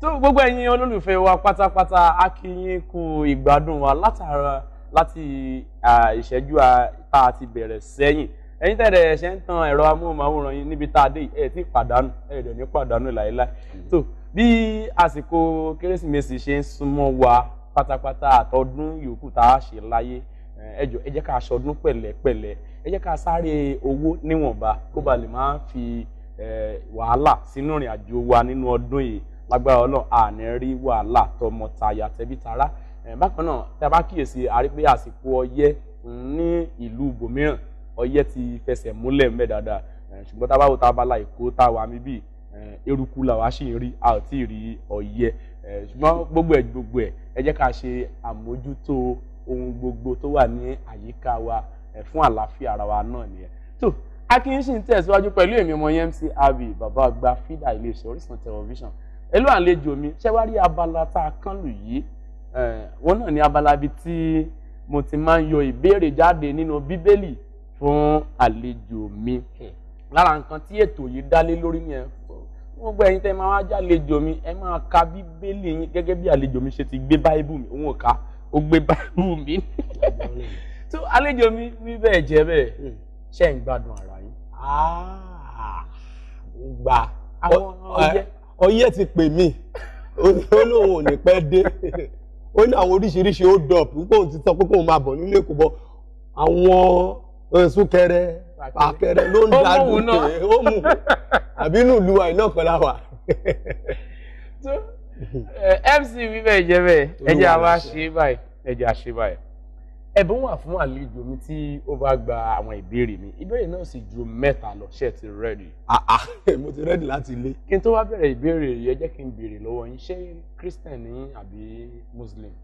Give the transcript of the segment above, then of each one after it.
tó gbogbo ẹ̀yin olólùfẹ́ wa pátápátá a kí yín kú ìgbádùn wa látara láti ìṣẹ́jú tá a ti bẹ̀rẹ̀ sẹ́yìn ẹ̀yin tẹ̀lé ẹ̀ṣẹ̀ ń tan ẹ̀rọ amóhùnmáwòrán yín níbi tá a dé ẹ̀ tí pàdánù ẹ̀ dẹ̀ ní pàdánù láéláé tó bí àsìkò kérésìmesì ṣe ń súnmọ́ wa pátápátá àtọdún yòókù tá a ṣe láyé ẹ jọ̀ọ́ ẹ jẹ́ ká aṣọdún pẹ̀lẹ́pẹ̀lẹ́ ẹ jẹ́ ká sáré owó níwọ̀nba kó ba lè máa fi wàhálà sínú ìrìn àjò wa nínú ọdún yìí lágbára ọlọ́run àní rí wàhálà tọmọ taya tẹbí tará bákan náà tí a bá kíyèsí a rí pé àsìkò ọyẹ́ ní ìlú ibòmíràn ọyẹ́ ti fẹsẹ̀ múlẹ̀ ńbẹ̀ dáadáa ṣùgbọ́n tá a bá wo tá a bá la èkó tá a wà mí bíi eruku làwa sì ń rí a ò tí ì rí ọyẹ́ ṣùgbọ́n gbogbo ẹ̀ gbogbo ẹ̀ ẹ jẹ́ ká ṣe àmójútó ohun gbogbo tó wà ní àyíká wa fún àlàáfíà ara wa náà nìyẹn tó Akin ṣì ń èmi ọmọ yẹn MC Abbey bàbá àgbà fídà iléeṣẹ́ Orísun tẹlifíṣàn ẹlú àlejò mi ṣé wá rí abala tá a kán lù yìí wọn náà ní abala ibi tí mo ti máa ń yọ ìbéèrè jáde nínú bíbélì fún àlejò mi lára nǹkan tí ètò yìí dálé lórí yẹn gbogbo ẹ̀yin tẹ́ máa wá já àlejò mi ẹ máa ka bíbélì yín gẹ́gẹ́ bí àlejò mi ṣe ti gbé báíbù mi òun ò ká ó gbé báíbù mi tó àlejò mi wí bẹ́ẹ̀ jẹ́ bẹ́ẹ̀ hmm. ṣe ń gbádùn ara yín. gbà àwọn ọjẹ́ ọyẹ́ ti pè mí ó lóun ò ní pẹ́ dé ó ní àwọn oríṣiríṣi hold up púpọ̀ òun ti sọ pé kóun máa bọ̀ nílé Èkó bọ̀ àwọn eh, súnkẹrẹ àkẹrẹ ló ń da dùkẹ́ ó mú àbí inú ìlú àìná kan láwà. Eh, MC wíwẹ̀ ìjẹ́ bẹ́ẹ̀ ẹ jẹ́ àwa ṣe é báyìí ẹ àṣe báyìí ẹ̀bùn wà fún àlejò mi tí ó bá gba àwọn ìbéèrè mi ìbéèrè náà sì ju mẹ́ta lọ ṣé ti rẹ́dì. Ah, ah, mo ti rẹ́dì láti ilé. kí n tó wá bẹ̀rẹ̀ ìbéèrè yẹ jẹ́ kí n béèrè lọ́wọ́ yín ṣé christian ni àbí muslim.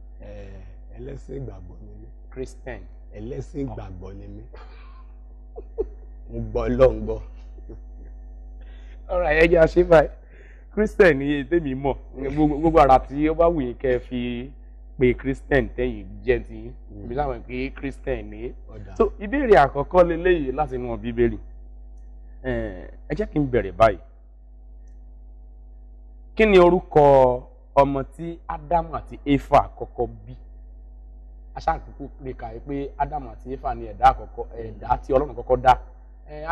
ẹlẹ́sìn ìgbàgbọ́ ni mí. christian. ẹlẹ́sìn ah. ìgbàgbọ́ ni mí. mo gbọ́ ọlọ́run gbọ́. ọ̀rọ̀ àyẹ̀jẹ̀ àṣẹ báyìí christian ni ètè mi mọ̀ gbogbo ara tí ó bá wù yín kẹ́ fi pé christian tẹ̀yìn jẹ́ ti yín ibi mm. láwọn pé christian ní. so ìbéèrè àkọ́kọ́ leléyìí láti inú bíbélì ẹ jẹ́ kí n bẹ̀rẹ̀ báyìí kí ni orúkọ ọmọ tí ádámù àti éfà kọ́kọ́ bí aṣáàkókò lè kàwé pé ádámù àti éfà ni ẹ̀dá àkọ́kọ́ ẹ̀dá tí ọlọ́run kọ́kọ́ dá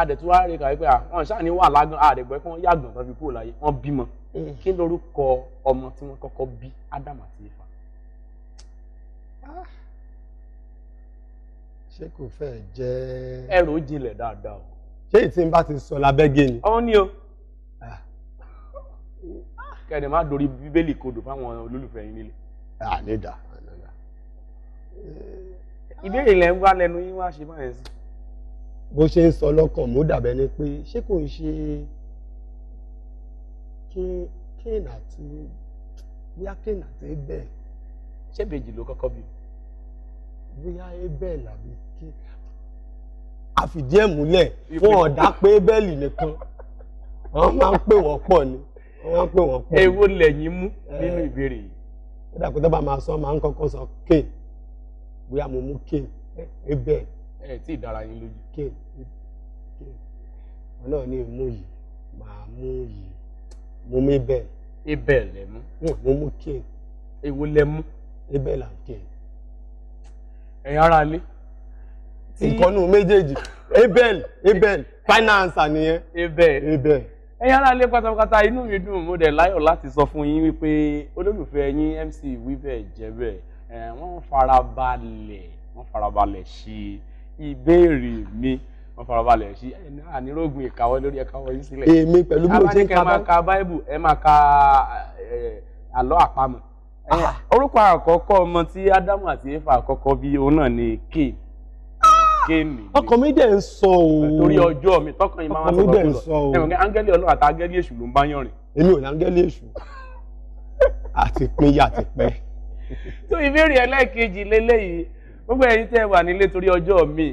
adẹ̀tú wa rẹ̀ kàwé pé àwọn ṣáà ní wà lágàn àdẹ̀gbẹ́ fún yàgàn tó fi kúrò láyé wọ́n bímọ mm. kí lorúkọ ọmọ tí wọ́n kọ́kọ́ bí ádámù àti éfà ṣé kò fẹ́ jẹ́. ẹrù jinlẹ̀ dáadáa o. ṣé ìtì ń bá ti sọ lábẹ́gẹ́ ni. ọ ní o. Ah. kẹ́ni má dorí bíbélì kodò fáwọn olólùfẹ́ yín nílé. àní dà eh, ìbéèrè lẹ́ ń wá lẹ́nu yín wá ṣe báyẹn sí. bó ṣe ń sọ lọ́kàn mú dàbẹ́ ni pé ṣé kò ń ṣe kí kí n àti bóyá kí n àti bẹ́ẹ̀ ṣẹ́bẹ̀jì ló kọ́kọ́ bí bóyá abel àbí kí àfìdí ẹ̀ múlẹ̀ wọn ò dá pé abel nìkan wọn máa ń pè wọ́n pọ̀ ni wọn máa ń pè wọ́n pọ̀ ni. èwo lẹ́yìn mú nínú eh. ìbéèrè yìí. kódà kó dábàá máa sọ máa ń kọ́kọ́ sọ kéè bóyá mo mú kéè abel. ẹ tí ì yín lójú. kéè kéè wọn náà ní ìmú yìí màá mú yìí mo mú abel. abel lẹ mo mú kéè. èwo lẹ ibẹ̀ là ń kí ẹ. ẹ̀yin ara lé. ìkọ́nù méjèèjì abel abel finance nìyẹn. abel abel. ẹ̀yin ara lé pátápátá inú mi dùn mo dẹ̀ láyọ̀ láti sọ fún yín wípé olólùfẹ́ yín MC Wíbẹ̀ Jẹ́bẹ̀ wọ́n farabalẹ̀ wọ́n farabalẹ̀ ṣe ìbéèrè mi wọ́n farabalẹ̀ sí ẹni ànírógùn ìkàwọ́ lórí ẹ̀ka wọ́n yín sílẹ̀. èmi pẹ̀lú bí mo ti ń ka báyìí. ẹ máa ka báyìí ẹ máa ka àlọ́ àpamọ̀. orúkọ àkọ́kọ́ ọmọ tí ádámù àti éfà àkọ́kọ́ bí òun náà ni kéè géèmì. Ah! mi dẹ̀ ń sọ òun. torí ọjọ́ mi tọkàn yìí máa ń sọ mi dẹ̀ ń sọ òun. ẹ̀wọ̀n áńgẹ́lì ọlọ́run àti áńgẹ́lì èṣù ló ń bá yànrìn. èmi ò ní áńgẹ́lì èṣù àti pín yà ti pẹ́. tó ìbéèrè ẹlẹ́ẹ̀kejì gbogbo ẹ̀yin tẹ́ ẹ wà nílé torí ọjọ́ mi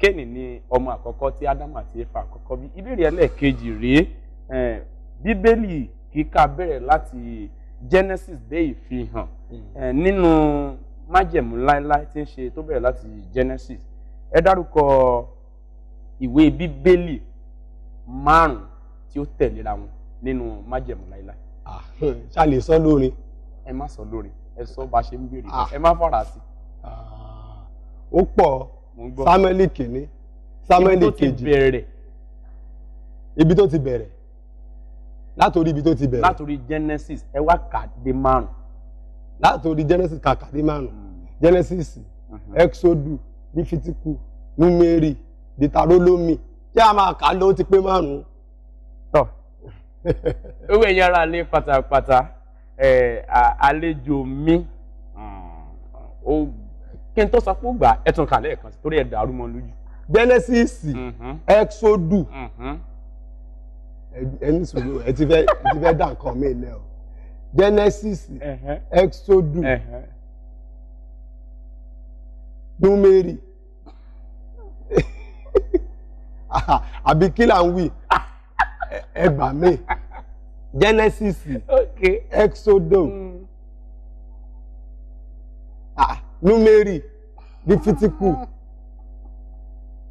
kéènì ni ọmọ àkọ́kọ́ tí ádámù àti àkọ́kọ́ bí ìbéèrè ẹlẹ́ẹ̀kejì rèé bíbélì kíkà bẹ̀rẹ̀ láti genesis dé ìfihàn hmm. nínú májẹ̀mú láéláé tí ń ṣe tó bẹ̀rẹ̀ láti genesis ẹ dárúkọ ìwé bíbélì márùn tí ó tẹ̀léra wọn nínú májẹ̀mú láéláé. ṣá lè sọ lórin. ẹ má sọ lórin ẹ sọ bá ṣe ń béèrè ẹ má fara sí. ó pọ̀ sámẹ́lì kìíní sámẹ́lì kejì ibi tó ti bẹ̀rẹ̀ látòrí ibi tó ti bẹ̀rẹ̀ látòrí Genesis ẹ wá kàdé márùn. látòrí Genesis kà kàdé márùn mm. Genesis mm-hmm. Exodus Lífítíkù Númérì Dìtàrólómì kí a máa kà á ló ti pé márùn. tọ owó ẹ̀yin ara lé pátápátá àlejò mi mm. kí n tó sọ fún gbà ẹ̀ tún kà lẹ́ẹ̀kan torí ẹ̀ dàrú mọ́ lójú. Genesis mm-hmm. Exodus. Mm -hmm ẹni sùúrù ẹ ti fẹ́ ẹ ti fẹ́ dà nǹkan mi lẹ o Genesis Exodus Númérì àbí kí là ń wí ẹ gbà mí Genesis Exodus Númérì Lífítíkù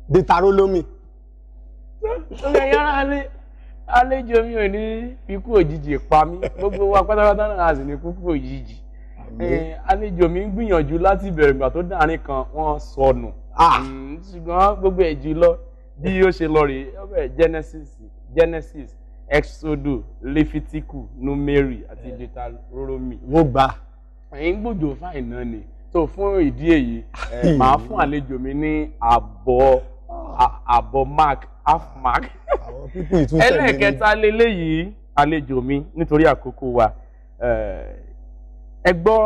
Dìtàrólómì. Ó yẹ yára àlejò mi ò ní ikú òjijì pa mí gbogbo wa pátápátá náà a sì ní kúkú òjijì àlejò mi ń gbìyànjú láti bẹ̀rẹ̀ ìgbà tó dàrin kan wọ́n sọnù ah! ṣùgbọ́n gbogbo ẹ̀ jù lọ bí ó ṣe lọ rèé ọbẹ̀ Genesis Genesis Exodus Lefitiku Numeri àti eh. Deuteronomy. wọ́n gbà. ẹ̀yin gbòjò fáìnà ni tó fún ìdí èyí hmm. màá fún àlejò mi ní àbọ̀ àbọ̀ mark half mark ẹlẹ́ẹ̀kẹta leléyìí àlejò mi nítorí àkókò wa ẹ gbọ́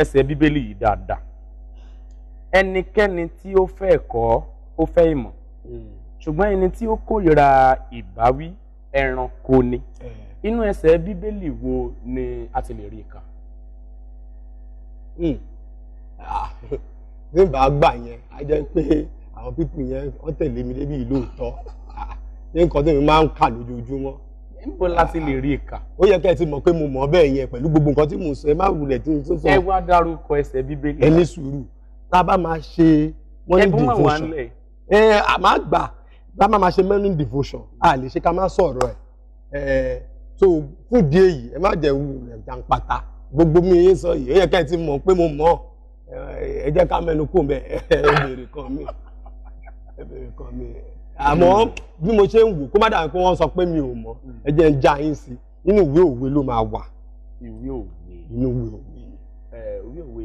ẹsẹ̀ bíbélì yìí dáadáa ẹnikẹ́ni tí ó fẹ́ ẹ̀kọ́ ó fẹ́ ìmọ̀ ṣùgbọ́n ẹni tí ó kórìíra ìbáwí ẹranko ni inú ẹsẹ̀ bíbélì wo ni a ti lè rí i kà. Hmm. Ah, bí n gbà yẹn a jẹ́ pé àwọn pípù yẹn wọ́n tẹ̀lé mi débi ìlú òótọ́ ní nǹkan tó mi máa ń kà lójoojúmọ́. níbo la ti lè rí ìka. ó yẹ kẹ́ ẹ ti mọ̀ pé mo mọ̀ ọ́ bẹ́ẹ̀ yẹn pẹ̀lú gbogbo nǹkan tí mo sọ ẹ má wulẹ̀ tí mo tún sọ. ẹ wá dárúkọ ẹsẹ̀ bíbélì. ẹ ní sùúrù tá a bá máa ṣe morning devotion ẹ a máa gbà bá máa ṣe morning devotion a lè ṣe ká má sọ̀rọ̀ ẹ̀ so fún ìdí èyí ẹ má jẹ́ jàǹpátá gbogbo mi yín sọ yìí ó yẹ kẹ́ ẹ ti mọ̀ pé mo mọ̀ ẹ jẹ́ ká mẹ́nu kò mẹ́ ẹ ẹ ẹbẹ̀rẹ̀ kan mi àmọ́ bí mo ṣe ń wò kó má dàbí pé wọ́n sọ pé mi ò mọ̀ ẹ jẹ́ ń já yín sí nínú ìwé òwe ló máa wà. ìwé òwe inú ìwé òwe. ìwé òwe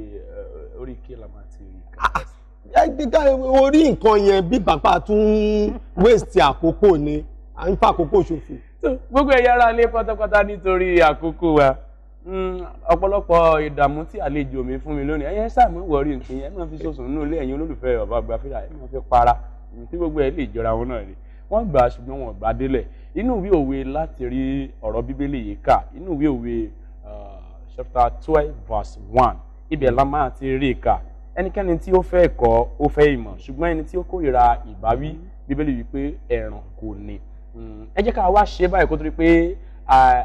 orí kí la máa ti rí ah, ah. ká. orí nǹkan yẹn bí bàbá tún wéèsì àkókò ni à ń fa àkókò ṣòfò. gbogbo ẹ̀yà ara ilé pátápátá nítorí àkókò wa mm, ọ̀pọ̀lọpọ̀ ìdààmú tí àlejò mi fún mi lónìí ẹ̀yẹ́ sáà mi wọ̀rí nǹkan yẹn ẹ̀ máa fi ṣoṣùn nínú ilé ẹ̀yin olólùfẹ́ bàbá àgbà fílà ẹ̀ máa fi para tí gbogbo ẹ̀ lè jọra wọn náà ni wọ́n gbà ṣùgbọ́n wọn gbà délẹ̀ inú ìwé òwe láti rí ọ̀rọ̀ bíbélì yìí kà inú ìwé òwe uh, chapter twelve verse one ibẹ̀ la máa ti rí kà ẹnikẹ́ni tí ó fẹ́ ẹ̀kọ́ ó fẹ́ ìmọ̀ ṣùgbọ́n ẹni tí ó kórìíra ìbáwí bíbélì wípé ẹ̀ràn kò ní hmm, ẹ jẹ́ ká wá ṣe báyìí kó tó pé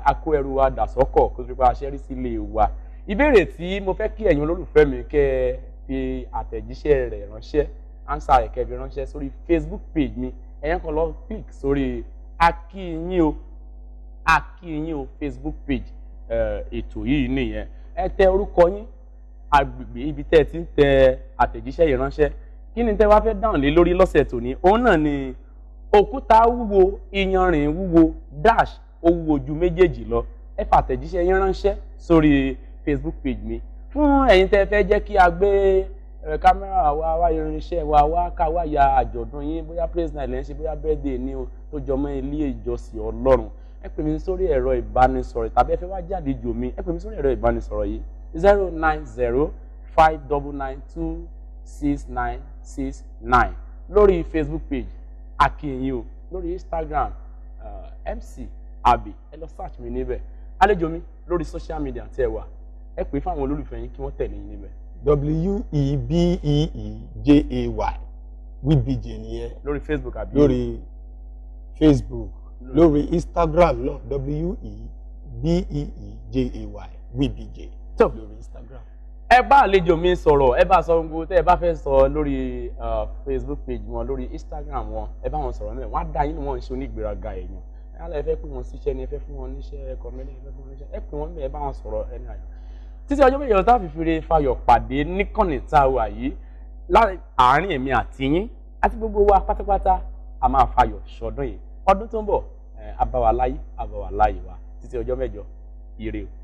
a kó ẹrù wa dà sọ́kọ̀ kó tó pé a ṣe rí sílé wa ìbéèrè tí mo fẹ́ kí ẹ̀yin olólùfẹ́ mi kẹ́ fi àtẹ̀jíṣẹ́ rẹ̀ ránṣẹ́ answer rẹ̀ kẹfì ránṣẹ́ sórí facebook page mi ẹ̀yẹn kan lọ click sórí akíyín o akíyín o facebook page ètò yìí nìyẹn ẹ tẹ orúkọ yín agbègbè ibi tẹ́ ẹ ti ń tẹ àtẹ̀jíṣẹ́ yìí ránṣẹ́ kí ni tẹ́ wá fẹ́ dáhùn lé lórí lọ́sẹ̀ tòní òun náà ni òkúta wúwo iyanrìn wúwo dash ó wúwo ju méjèèjì lọ ẹ fàtẹ̀jíṣẹ́ yín ránṣẹ́ sórí facebook page mi fún ẹ̀yin tẹ́ fẹ́ jẹ́ kí a gbé ẹ̀rọ kámẹ́rà wa wá irinṣẹ́ wa wá ká wá ya àjọ̀dún yín bóyá praise night lẹ́yìn ṣe bóyá birthday ni o tó jọmọ́ ilé ìjọsìn ọlọ́run ẹ pè mí sórí ẹ̀rọ ìbánisọ̀rọ̀ tàbí ẹ fẹ́ wá jáde jò mí ẹ pè mí sórí ẹ̀rọ ìbánisọ̀rọ̀ yìí zero nine zero five double nine two six nine six nine lórí facebook page akínyìn o lórí instagram uh, mc abi ẹ lọ search mi níbẹ̀ àlejò mi lórí social media tẹ́ ẹ wà ẹ pè fáwọn olólùfẹ́ yín kí wọ́n tẹ̀lé yín níbẹ̀ w-e-b-e-e-j-a-y webj nìyẹn lórí facebook àbí lórí facebook lórí instagram náà w-e-b-e-e-j-a-y webj lórí instagram. ẹ bá àlejò mi sọ̀rọ̀ ẹ bá sọ gbogbo tẹ́ ẹ bá fẹ́ sọ lórí facebook page wọn lórí instagram wọn ẹ bá wọn sọ̀rọ̀ náà wọ́n á dá yín ni wọ́n ń ṣe onígbéraga èèyàn alẹ́ fẹ́ pé wọ́n ṣiṣẹ́ ni ẹ fẹ́ fún wọn níṣẹ́ ẹ kọ́ mẹ́lẹ́ ẹ fẹ́ fún wọn níṣẹ́ ẹ pè wọ́n bẹ́ẹ̀ bá wọn sọ̀rọ̀ ẹni àyàn títí ọjọ́ méje ọ̀tá fìfìrè fayọ̀ pàdé níkànnì tá a wà yìí láàárín èmi àti yín àti gbogbo wa pátápátá a máa fayọ̀ ṣọdún yìí ọdún tó ń bọ̀ àbáwá láyé wa títí ọjọ́ mẹ́jọ ire o.